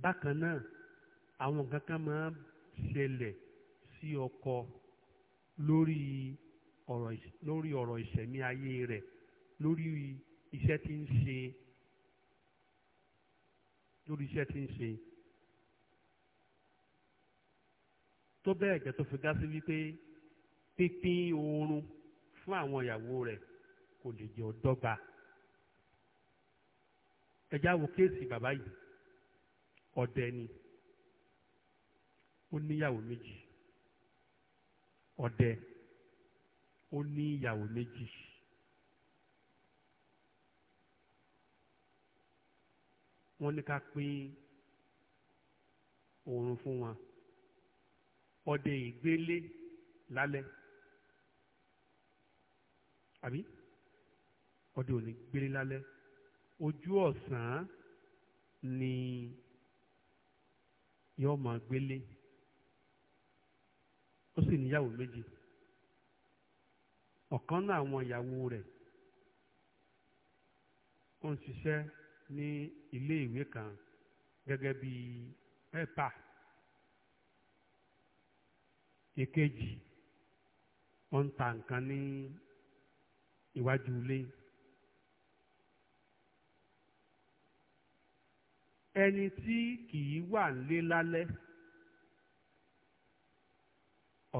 bákan náà àwọn nǹkan kan máa ń ṣẹlẹ̀ sí ọkọ lórí ọ̀rọ̀ lórí ọ̀rọ̀ ìṣẹ̀mí ayé rẹ̀ lórí iṣẹ́ tí ń ṣe lórí iṣẹ́ tí ń ṣe tó bẹ́ẹ̀ gẹ́ tó fi gá sí wípé pínpín oorun fún àwọn ìyàwó rẹ̀ kò lè jẹ́ ọ̀dọ́gba ẹ̀já wo kéèsì bàbá yìí ọdẹ ni ó níyàwó méjì ọdẹ ó ní ìyàwó méjì. wọ́n ní ká pín oorun fún wọn ọdẹ ìgbélé lálẹ́ àbí ọdẹ òní gbélé lálẹ́ ojú ọ̀sán ni. yóò máa gbélé ó sì níyàwó méjì ọ̀kan náà àwọn ìyàwó rẹ̀ ó ń ṣiṣẹ́ ní ilé ìwé kan gẹ́gẹ́ bí pẹ́pà èkejì ó ń ta nǹkan ní iwájú ilé. ẹni tí kìí wà nílé lálẹ́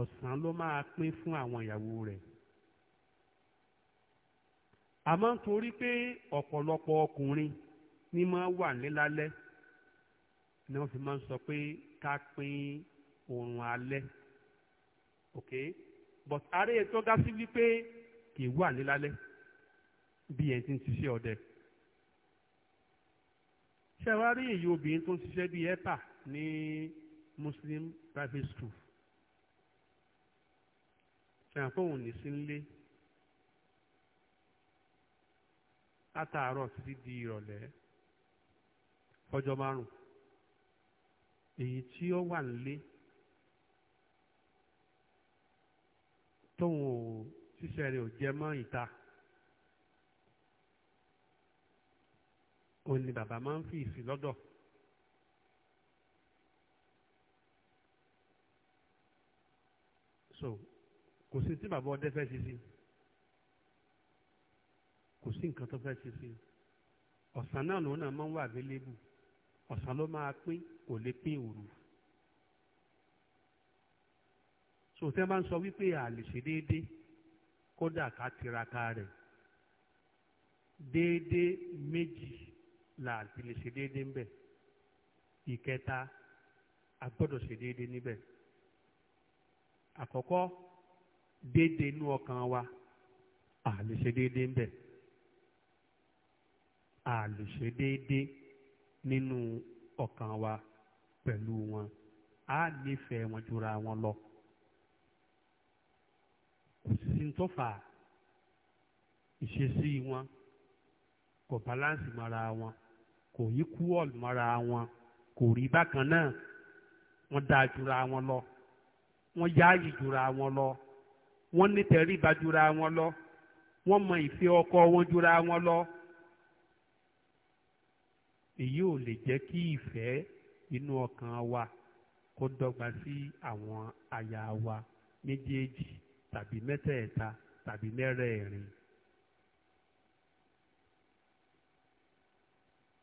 ọ̀sán ló máa pín fún àwọn ìyàwó rẹ̀ àmọ́ torí pé ọ̀pọ̀lọpọ̀ ọkùnrin ní máa wà nílé lálẹ́ ni wọ́n fi máa ń sọ pé ká pín oorun alẹ́ ok but àárẹ̀ tó ga sí wípé kìí wà nílé lálẹ́ bí ẹ̀ ti ń ṣiṣẹ́ ọdẹ ṣe wá rí èyí obìnrin tó ń ṣiṣẹ́ bíi ẹ́pà ní muslim private school ṣàǹfọ̀hún ní sí nílé látàárọ̀ títí di ìrọ̀lẹ́ ọjọ́ márùn èyí tí ó wà nílé tóun ò ṣiṣẹ́ rẹ̀ ò jẹ mọ́ ìta. òun ni bàbá máa ń fi ìsì lọ́dọ̀. so kò sí tí bàbá ọdẹ fẹ́ ṣe sí kò sí nǹkan tó fẹ́ ṣe sí ọ̀sán náà lòun náà máa ń wà available ọ̀sán ló máa pín kò lè pín òru so tẹ́ bá ń sọ wípé a ṣe déédéé kódà ká tiraka rẹ̀ déédéé méjì là àti lè ṣe déédéé ńbẹ̀ ìkẹta a gbọ́dọ̀ ṣe déédéé níbẹ̀ àkọ́kọ́ déédéé inú ọkàn wa a lè ṣe déédéé ńbẹ̀ a lè ṣe déédéé nínú ọkàn wa pẹ̀lú wọn a nífẹ̀ẹ́ wọn jura wọn lọ kò sí tó fà ìṣesí wọn kò báláǹsì mọ́ra wọn kò yí kú ọ̀lù mọ́ra wọn kò rí bákan náà wọ́n dáa jura wọn lọ wọ́n yáàyè jura wọn lọ wọ́n ní tẹríba jura wọn lọ wọ́n mọ ìfẹ́ ọkọ wọn jura wọn lọ. èyí ò lè jẹ́ kí ìfẹ́ inú ọkàn wa kó dọ́gba sí àwọn aya wa méjèèjì tàbí mẹ́tẹ̀ẹ̀ta tàbí mẹ́rẹ̀ẹ̀rin.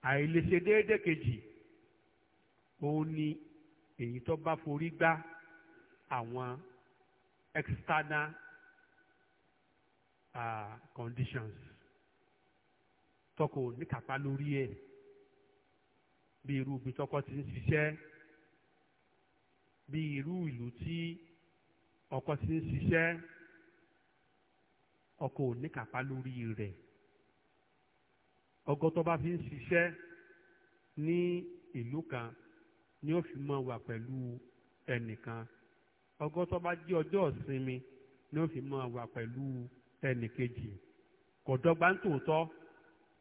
àìlèṣe déédé kejì òun ni èyí tó bá forí gbá àwọn external uh, conditions tọkọ níkàpá lórí ẹ bí irú ibi tọkọ ti ń ṣiṣẹ́ bí irú ìlú tí ọkọ ti ń ṣiṣẹ́ ọkọ ò níkàpá lórí rẹ̀ ọgọ́ tó bá fi ń ṣiṣẹ́ ní ìlú kan ni ó fi máa wà pẹ̀lú ẹnìkan ọgọ́ tó bá jẹ́ ọjọ́ ìsinmi ni ó fi máa wà pẹ̀lú ẹnìkejì kò dọ́gba ń tòótọ́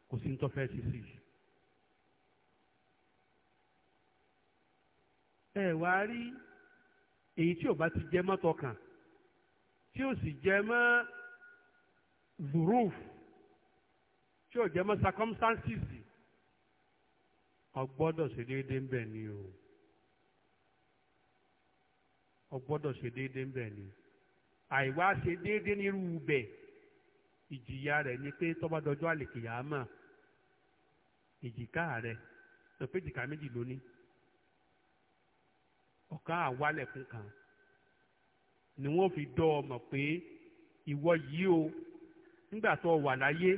kò sí ní tó fẹ́ ṣe sí i. ẹ wá rí èyí tí ò bá ti jẹ mọ́tọ̀ kan tí ò sì jẹ mọ́ zuruf tí ò jẹ́ mọ́ circumstances ọgbọ́dọ̀ ṣe déédéé ń bẹ̀ ni o ọgbọ́dọ̀ ṣe déédéé ń bẹ̀ ni àìwá ṣe déédéé nírú bẹ̀ ìjìyà rẹ̀ ni pé tó bá dọjọ́ àlèkìyàmà èjìká rẹ̀ sọ pé èjìká méjì lónìí ọ̀kan àwálẹ̀ fún kan ni wọ́n fi dọ́ ọ mọ̀ pé ìwọ yìí o nígbà tó wà láyé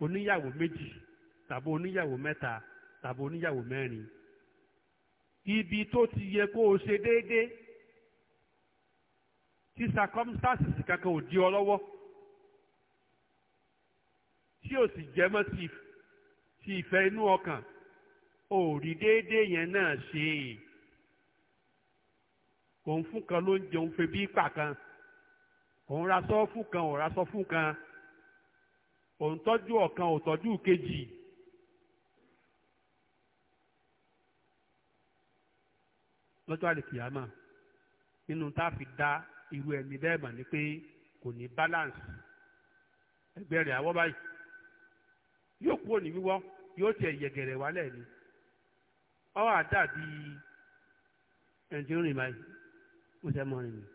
oníyàwó méjì tàbí oníyàwó mẹ́ta tàbí oníyàwó mẹ́rin ibi tó ti yẹ kó o ṣe déédéé tí circumstances kankan ò di ọ lọ́wọ́ tí o sì jẹ́ mọ́ ti ìfẹ́ inú ọkàn ò rí déédéé yẹn náà ṣe òun fún kan ló ń jẹun febi pà kan òun ra sọ fún kan òun ra sọ fún kan òun tọ́jú ọ̀kan ò tọ́jú kejì. lọ́jọ́ àlèkìyàmà nínú tá a fi dá irú ẹni bẹ́ẹ̀ mà ní pé kò ní balance ẹgbẹ́ rẹ̀ àwọ̀ báyìí yóò kúrò ní wíwọ́ yóò tiẹ̀ yẹ̀gẹ̀rẹ̀ wálẹ̀ ni ó wá dàbí ẹnjìnrìn báyìí mo sẹ́ mọ́ rìn mi.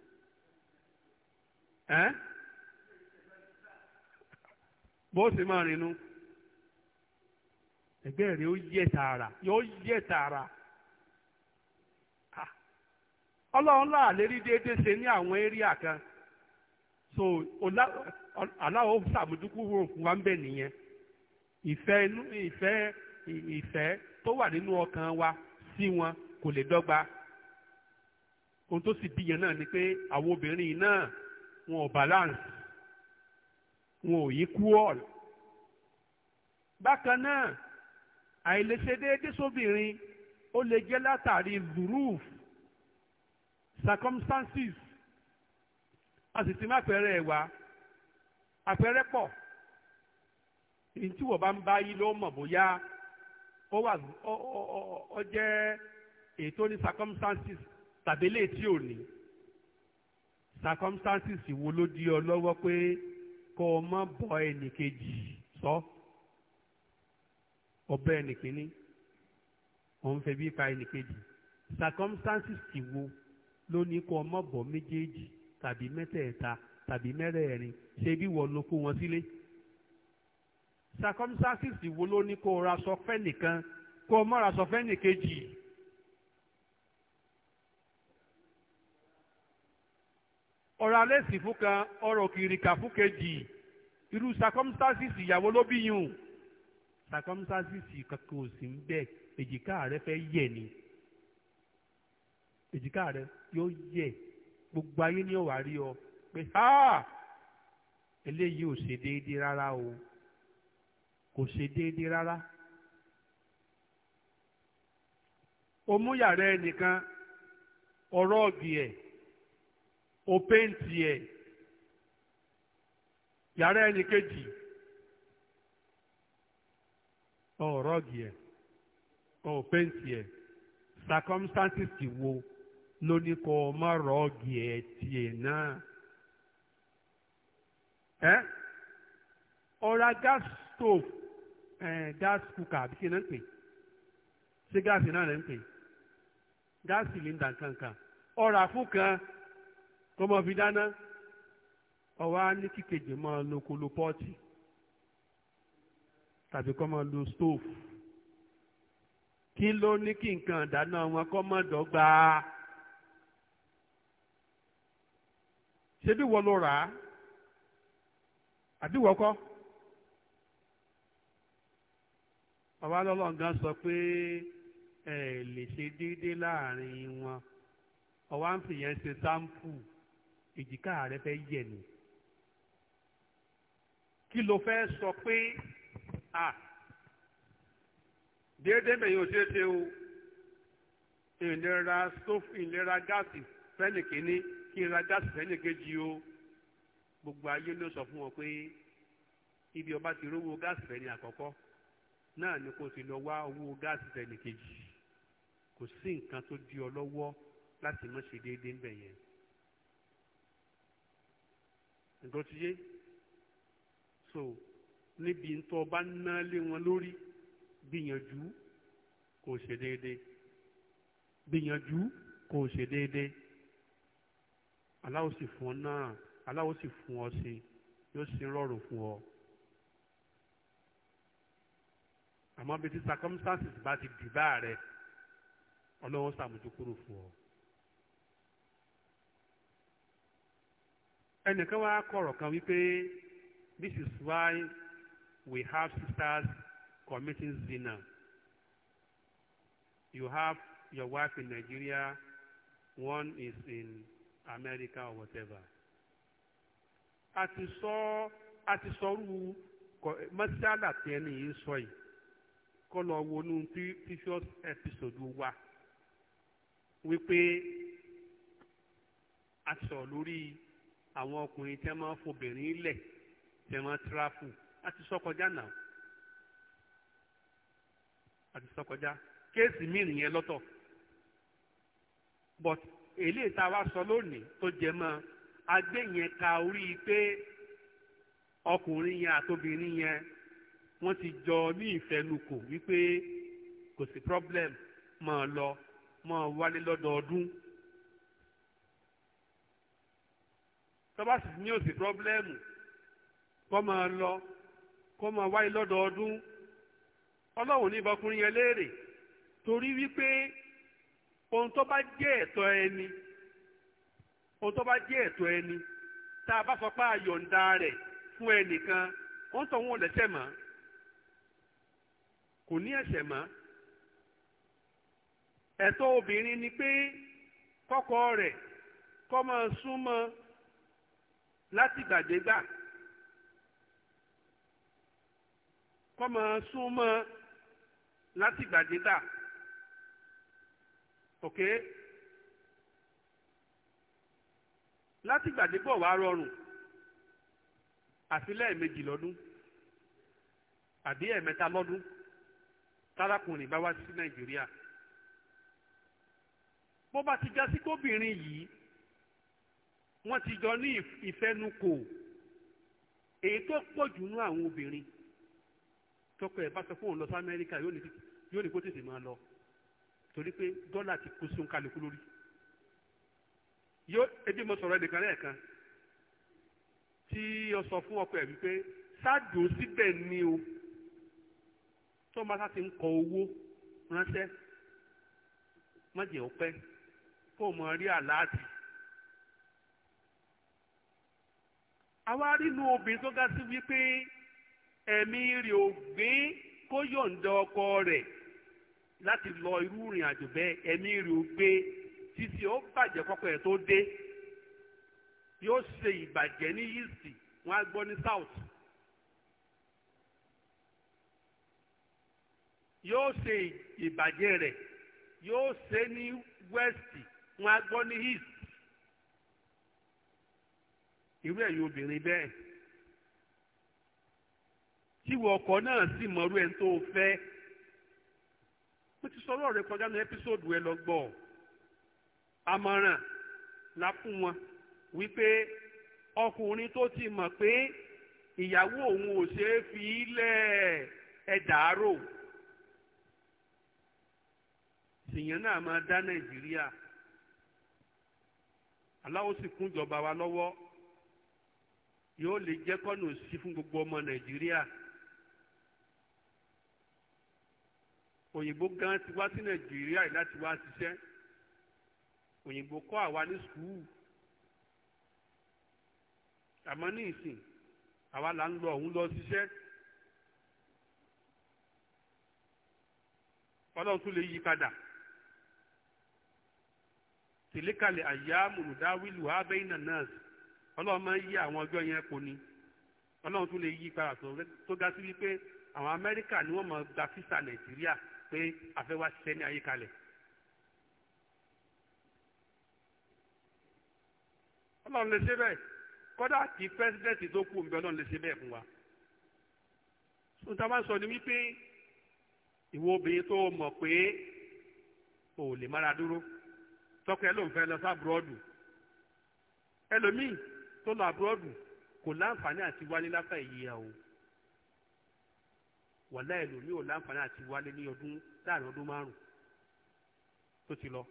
bó máa rìn o ẹgbẹ́ rẹ̀ ó yẹ tààrà yóò yẹ tààrà ah. ọlọ́run là lérí ṣe ní àwọn kan so aláwọ̀ sàmójúkú wò fún wa ń bẹ̀ nìyẹn ìfẹ́ inú ìfẹ́ wa sí wọn kò lè dọ́gba ohun tó sì bíyẹn náà ni pé àwọn obìnrin náà wọn ò wọn ò yí kú ọ̀l. bákan náà àìlèṣedéédé sóbìnrin ó lè jẹ́ látàrí zuruf circumstances a sì ti má fẹ́rẹ̀ ẹ̀ wá àpẹẹrẹ pọ̀ èyí tí wọ́n bá ń bá yí ló mọ̀ bóyá ó wà ó jẹ́ èyí ní circumstances tàbí lè tí ò ní circumstances wo ló di ọ lọ́wọ́ pé kó o má bọ ẹnìkejì sọ ọbẹ ẹnìkíní òun fẹ́ bí pa ẹnìkejì circumstances ti wo ló ní kó o má bọ méjèèjì tàbí mẹ́tẹ̀ẹ̀ta tàbí mẹ́rẹ̀ẹ̀rin ṣé bí wọ́n ló kó wọn sílé circumstances ti wo ló ní kó o ra sọ fẹ́ nìkan kó o má ra sọ fẹ́ nìkejì. ọ̀rọ̀ alẹ́ sì fún kan ọ̀rọ̀ kìrìkà fún kejì irú circumstances ìyàwó ló bí yùn circumstances kankan ò sí ń bẹ èjìká rẹ fẹ́ yẹ̀ ni èjìká rẹ yóò yẹ̀ gbogbo ayé ni ó wà rí ọ pé ha eléyìí ò ṣe déédéé rárá o kò ṣe déédéé rárá o ẹnìkan ọ̀rọ̀ ọ̀gbìn ẹ̀ o péǹtì ẹ̀ yàrá ẹni kejì o rọ́ọ̀gì ẹ̀ o péǹtì ẹ̀ circumstances ti wo ló ní kó o má rọ́ọ̀gì ẹ̀ tiẹ̀ náà. Eh? ọ̀rá gas stove eh, gas cooker àbí kí náà ń pè ṣé Gas náà lè ń pè gáàsì lè kankan ọ̀rá fún kan kọmọ mọ fi dáná ọwọ́ ní kíkejì lo kolo pọ́ọ̀tì tàbí kó mọ lo kí ló ní kí nǹkan wọn dọ́gba wọ́n rà á sọ pé ẹ lè ṣe déédéé láàrin wọn ọba èjìká rẹ fẹ́ yẹ̀ ni kí ló fẹ́ sọ pé à déédéé mẹ́yìn ò ṣeé ṣe o ìlera stove ìlera gáàsì fẹ́nì kìíní kí ìlera gáàsì fẹ́nì kejì o gbogbo ayé ló sọ fún wọn pé ibi ọba ti rówó gáàsì fẹ́ni àkọ́kọ́ náà ni kò sì lọ wá owó gáàsì fẹ́ni kejì kò sí nǹkan tó di ọ lọ́wọ́ láti má ṣe déédéé ń yẹn nǹkan ti yé so níbi tó o bá ná lé wọn lórí gbìyànjú kò ṣe déédéé gbìyànjú kò ṣe déédéé aláwo sì fún ọ náà aláwo sì fún ọ sí yóò sì rọrùn fún ọ àmọ́ bí ti circumstances bá ti dìbà rẹ ọlọ́wọ́ sàmójúkúrò fún ọ. ẹnìkan wá kọ̀rọ̀ kan wípé this is why we have sisters committing zina you have your wife in Nigeria one is in America or whatever a ti sọ a ti sọrú mọ́sálà tí ẹni yìí sọ yìí kọ́ lọ wọnú previous episode wa wípé a sọ lórí àwọn ọkùnrin tẹ́ máa fobìnrin lẹ̀ tẹ́ máa tíráfù àti sọ́kọjá náà àti sọ́kọjá kéèsì míì nìyẹn lọ́tọ̀ but èlé tá a wá sọ lónìí tó jẹ mọ́ agbé yẹn ka orí pé ọkùnrin yẹn àtobìnrin yẹn wọ́n ti jọ ní ìfẹnukò wípé kò sí problem máa lọ máa wálé lọ́dọọdún. tọ́ba sì ní òsì pírọ́blẹ́mù kọ́ máa lọ kọ́ máa wáyé lọ́dọọdún ọlọ́run ní ìbọkùnrin yẹn léèrè torí wípé ohun tó bá jẹ́ ẹ̀tọ́ ẹni ohun tó bá jẹ́ ẹ̀tọ́ ẹni tá a bá sọ pé àyọ̀ǹda rẹ̀ fún ẹnìkan wọ́n sọ wọn ò mọ́ kò ní ẹ̀sẹ̀ mọ́ ẹ̀tọ́ obìnrin ni pé kọ́kọ́ rẹ̀ kọ́ máa súnmọ́ láti gbàdégbà kọ́mọ súnmọ́ láti gbàdégbà ok láti gbàdégbà wàá rọrùn àfi lẹ́ẹ̀mejì lọ́dún àbí ẹ̀ẹ̀mẹ́ta lọ́dún tárakùnrin bá wá sí Nàìjíríà bó bá ti já sí kóbìnrin yìí wọ́n ti jọ ní ìfẹnukò èyí tó pọ̀ jù nú àwọn obìnrin tọkọ ẹ̀ bá sọ fún òun lọ sí amẹ́ríkà yóò ní kó tètè máa lọ torí pé dọ́là ti kó sún kálukú lórí yóò ebi mo sọ̀rọ̀ ẹnìkan lẹ́ẹ̀kan tí o sọ fún ọkọ ẹ̀ wípé ṣáàdùn síbẹ̀ ni o tó máa sá ti ń kọ owó ránṣẹ́ má jẹ́ ọpẹ́ kó o mọ rí àláàtì. àwa rínú obìnrin tó ga sí wípé ẹ̀mí rẹ̀ kó yọ̀ǹda ọkọ rẹ̀ láti lọ irú ìrìn àjò bẹ́ẹ̀ ẹ̀mí rẹ̀ ò títí ó bàjẹ́ kọ́kọ́ ẹ̀ tó dé yóò ṣe east á gbọ́ south yóò ṣe ìbàjẹ́ rẹ̀ yóò ṣe ní west á gbọ́ east irú ẹ̀yin obìnrin bẹ́ẹ̀ tíwọ ọkọ náà sì mọ̀rú ẹni tó fẹ́ mo ti sọ ọ̀rọ̀ rẹ kọjá ní ẹ́písòdù ẹ lọ gbọ́ àmọ̀ràn la fún wọn wípé ọkùnrin tó ti mọ̀ pé ìyàwó òun ò ṣeé fi ilẹ̀ ẹ̀ dàárò tìyẹn náà máa dá Nàìjíríà aláwo sì kún ìjọba wa lọ́wọ́ yóò lè jẹ́ kọ́nù sí fún gbogbo ọmọ nàìjíríà òyìnbó gan ti wá sí nàìjíríà láti wá ṣiṣẹ́ òyìnbó kọ́ àwa ní sùkúù àmọ́ ní ìsìn àwa là ń lọ òun lọ ṣiṣẹ́ ọlọ́run tún lè yí padà tìlíkàlẹ̀ àyà mùlùdáwìlù abẹ́yìn náà náà sí ọlọ́run máa ń yí àwọn ọjọ́ yẹn po ni ọlọ́run tún lè yí padà tó ga sí wípé àwọn amẹ́ríkà ni wọ́n máa gba físà nàìjíríà pé àfẹ́wá ṣiṣẹ́ ní ayékalẹ̀ ọlọ́run lè ṣe bẹ́ẹ̀ kọ́dà kí pẹ́sidẹ́ǹtì tó kù ń bẹ ọlọ́run lè ṣe bẹ́ẹ̀ fún wa sùn tá a bá sọ ni wípé ìwọ obìnrin tó mọ̀ pé o ò lè mára dúró tọkọ ẹ ló ń fẹ́ lọ sábúrọ́dù ẹlòmíì tó lọ abúrọ́dù kò láǹfààní àti wálé láfà ìyíya o wàlá ẹlòmíì ò láǹfààní àti wálé ní ọdún láàrin ọdún márùn tó ti lọ.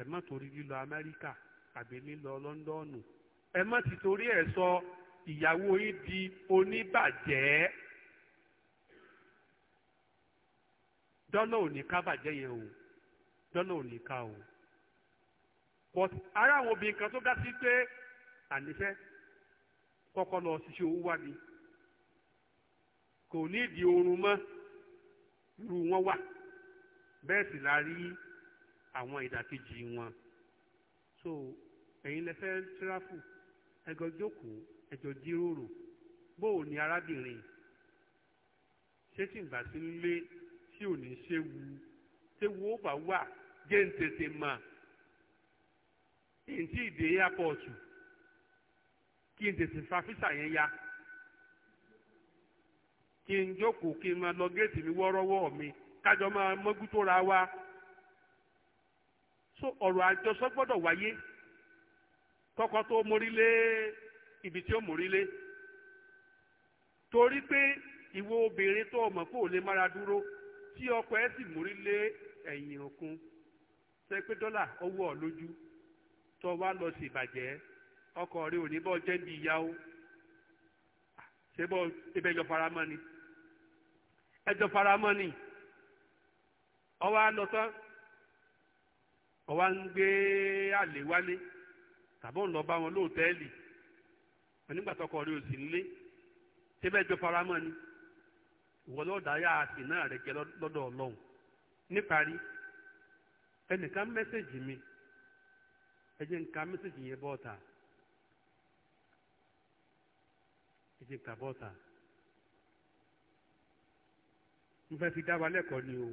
ẹ má torí lílọ amẹ́ríkà àbí lílọ lọ́ńdọ́ọ̀nù ẹ má ti torí ẹ̀ sọ ìyàwó yín di oníbàjẹ́. dọ́là ò ní ká bàjẹ́ yẹn o dọ́là ò ní ká o but ara àwọn obìnrin kan tó dá sí pé ànífẹ́ kọ́kọ́ lọ ṣiṣẹ́ owó wá ni kò ní ìdí oorun mọ́ irú wọn wà bẹ́ẹ̀ sì la rí àwọn ìdàkejì wọn so ẹ̀yin lẹ fẹ́ tíráfù ẹjọ́ jókòó ẹjọ́ jíròrò bóò ni arábìnrin ṣé tí ìgbà sí ń lé tí ò ní ṣéwu ṣéwu ó bá wà jẹ́ ń tètè mọ̀. ntí ìdè airport kí n tètè fa físà ya kí n jókòó kí mi wọ́ọ́rọ́wọ́ mi kájọ máa mọ́gú wa so ọ̀rọ̀ àjọsọ gbọdọ wáyé kọkọ tó mórí ibi tí ó mórí torí pé ìwọ obìnrin tó mọ̀ kó lè dúró tí ọkọ ẹ sì mórí lé ẹ̀yìn òkun ṣe pé dọ́là lójú. tó wá lọ sí ìbàjẹ́ ọkọ rẹ ò ní bọ́ jẹ́ bí ìyá ṣé bọ́ ibẹ̀ jọ faramọ́ ni ẹjọ́ faramọ́ ni ọwọ́ á lọ tán ọwọ́ á ń gbé àlè wálé wọn lóòtẹ́ẹ̀lì onígbà tọkọ rẹ ò sì ń lé ṣé bẹ́ẹ̀ jọ ni ìwọ náà ẹ jẹ́ ń ka mẹ́sàgì yẹn bọ́ọ̀ta ẹ jẹ́ ń ka bọ́ọ̀ta ń fẹ́ fi dá wa ni o.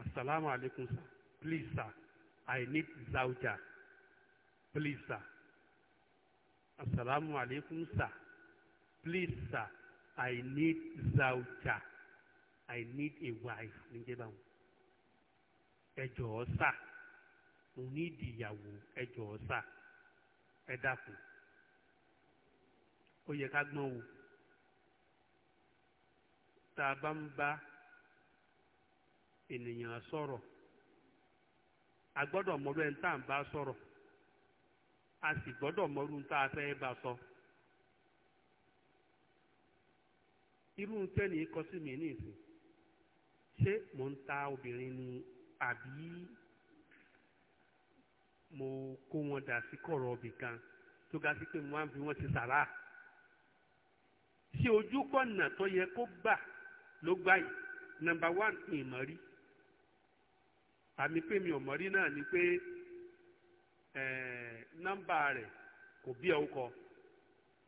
Assalamu alaikum sir. Please sir, I need zauja. Please sir. Assalamu alaikum sir. Please sir, I need zauja. I need a wife. Níjẹ́ báwọn. ẹ jọ̀ọ́ sà mo ní ìdìyàwó ẹ jọ̀ọ́ ẹ dákun ó yẹ ká gbọ́n wò tá a bá ń bá ènìyàn sọ̀rọ̀ a gbọ́dọ̀ mọ̀rú ẹni tá à ń bá sọ̀rọ̀ a sì gbọ́dọ̀ mọ̀rú tá a fẹ́ bá sọ. ta obìnrin ni àbí mo kó wọn dà sí kọ̀rọ̀ ọbì kan tó ga sí pé mo máa ń fi wọ́n ti sàrà ṣé ojú kọ̀nà tó yẹ kó gbà ló gbà yìí nọ́mbà one ìmọ̀ rí àmì pé mi ò mọ̀ rí náà ni pé nọ́mbà rẹ̀ kò bí ẹ̀ kọ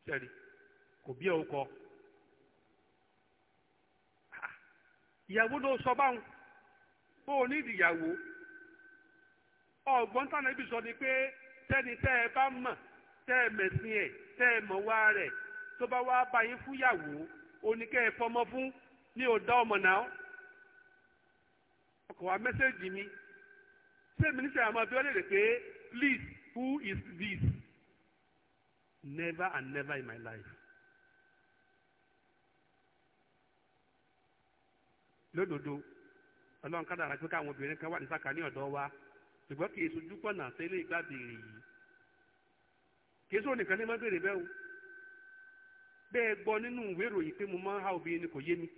sẹ́rí kò bí ẹ̀ kọ ìyàwó ló sọ báwọn ó ní ìdìyàwó ọ̀gbọ́n tánà ibi sọ ni pé tẹ́ni tẹ́ ẹ bá mọ̀ tẹ́ ẹ mẹ̀sìn ẹ̀ tẹ́ ẹ mọ̀ wá rẹ̀ tó bá wá bá yín fúyàwó oníkẹ́ ẹ fọmọ fún ní ò dá ọmọ náà ọkọ̀ wa mẹ́sẹ̀gì mi ṣé mínísítà àmọ́ bí wọ́n lè rè pé please who is this never and never in my life. lódodo ọlọ́run ká dára pé káwọn obìnrin kan wà ní sàkà ní ọ̀dọ́ wa ṣùgbọ́n kì í sojú pọ̀nà sílé ìgbà béèrè yìí kì í sọ nìkan ní má bẹ́ẹ̀ o bẹ́ẹ̀ gbọ́ nínú ìwé ìròyìn pé mo máa ń há obìnrin ni kò yé mi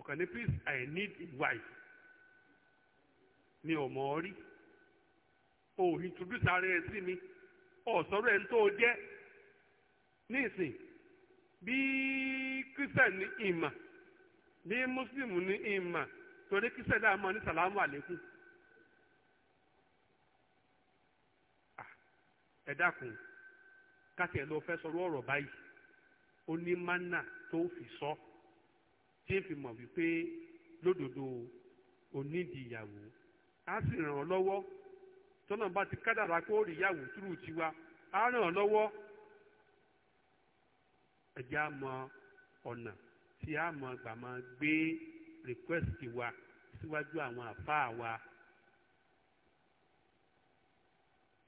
ọ̀kan ní please I need wife mi ò mọ̀ ọ́ rí torí kí sẹ́dá mọ́ ní sàlámù àlékún. ẹ dákun káti ẹ fẹ́ sọ̀rọ̀ báyìí ó fi sọ tí ń fi mọ̀ wípé lódodo onídìíyàwó á sì ràn ọ́ lọ́wọ́ tọ́nà bá ti kádàrá pé rí ìyàwó túrú tiwa á ràn ọ́ lọ́wọ́ ẹ̀jẹ̀ á mọ ọ̀nà tí a request wa síwájú àwọn àfáà wa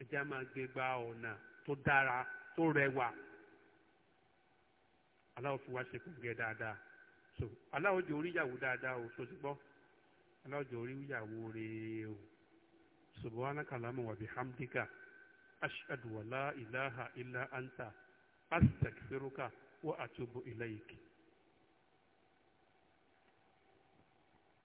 ẹjẹ́ a máa gbé gba ọ̀nà tó dára tó rẹwà aláwọ̀ fi wá ṣe kò dáadáa so aláwọ̀ jẹ́ oríyàwó dáadáa o so ti gbọ́ aláwọ̀ oríyàwó rèé o subhanaka allahumma wa hamdika ashhadu wa la ilaha illa anta astaghfiruka wa atubu ilayk.